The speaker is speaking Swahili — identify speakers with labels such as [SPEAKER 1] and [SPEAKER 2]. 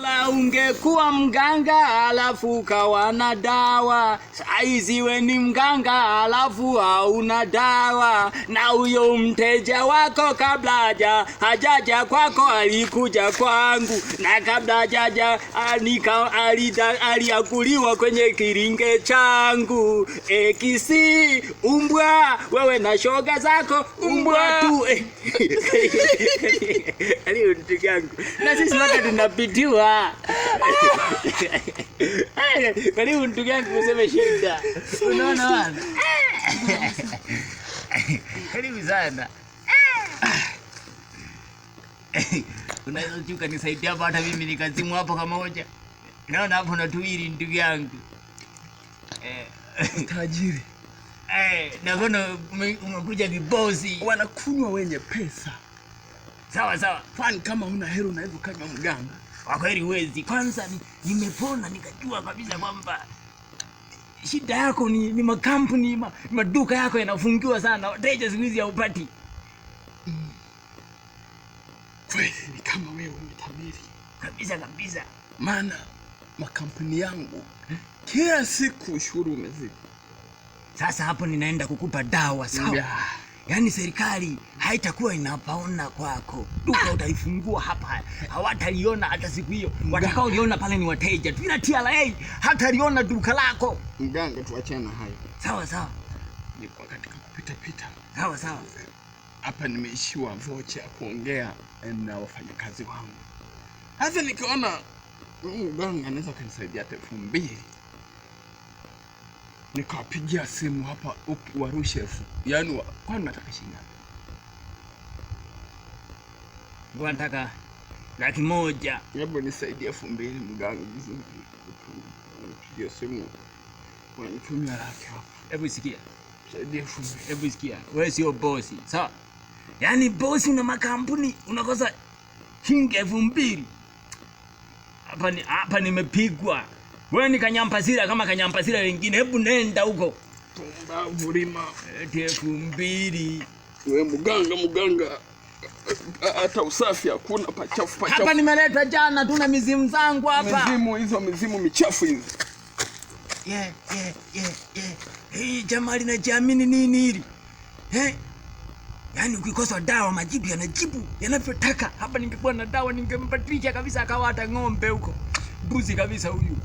[SPEAKER 1] Kabla ungekuwa mganga alafu ukawa na dawa, saizi we ni mganga alafu hauna dawa. Na huyo mteja wako kabla haja hajaja kwako alikuja kwangu, na kabla hajaja aliakuliwa kwenye kiringe changu. E, kisi umbwa, wewe na shoga zako umbwa tu, na sisi wakati tunapitiwa shida. Karibu ndugu yangu useme shida. Unaona bwana? Karibu sana. Unaweza chuka nisaidia hapa hata mimi nikazimu hapo kama moja. Naona hapo natuwili ndugu yangu.
[SPEAKER 2] Eh, tajiri.
[SPEAKER 1] Eh, naona umekuja vibozi.
[SPEAKER 2] Wanakunywa wenye pesa. Sawa sawa. Fani kama una hela unaweza kama mganga
[SPEAKER 1] kwa kweli huwezi. Kwanza nimepona nikajua kabisa kwamba shida yako ni, ni makampuni ma, maduka yako yanafungiwa sana, wateja siku hizi haupati.
[SPEAKER 2] Kweli ni kama wewe umetabiri
[SPEAKER 1] kabisa kabisa,
[SPEAKER 2] maana makampuni yangu kila siku ushuru umezidi.
[SPEAKER 1] Sasa hapo ninaenda kukupa dawa sawa? Yaani serikali haitakuwa inapaona kwako. Duka ah! utaifungua hapa, hawataliona hata siku hiyo. Watakaoliona pale ni wateja tu, ila TRA hataliona duka lako.
[SPEAKER 2] Mganga, tuachane na hayo. Sawa sawa, niko katika kupita pita. Sawa sawa, hapa nimeishiwa vocha ya kuongea na wafanyakazi wangu, hasa nikiona mm, mganga anaweza kunisaidia elfu mbili nikawapigia simu hapa warushe elfu, yaani kwani nataka shilingi
[SPEAKER 1] ngapi? Nataka laki moja.
[SPEAKER 2] Hebu nisaidie elfu mbili mganga, vizuri. Pigia simu wanitumia laki hapa. Hebu sikia, saidie elfu mbili.
[SPEAKER 1] Hebu sikia, wewe sio bosi sawa? Yaani bosi una makampuni unakosa shilingi elfu mbili hapa. Ni hapa nimepigwa wewe ni kanyampasira kama kanyampasira wengine. Hebu nenda huko.
[SPEAKER 2] Tumba mlima.
[SPEAKER 1] Eti elfu mbili.
[SPEAKER 2] Wewe mganga mganga. Hata usafi hakuna pachafu pachafu.
[SPEAKER 1] Hapa nimeleta jana tuna mizimu zangu hapa.
[SPEAKER 2] Mizimu hizo mizimu michafu hizo.
[SPEAKER 1] Yeah, yeah, yeah, yeah. Hii jamaa linajiamini nini hili? Eh? Yaani ukikosa dawa majibu yanajibu yanavyotaka. Hapa ningekuwa na dawa ningembadilisha kabisa akawa hata ng'ombe huko. Mbuzi kabisa huyu.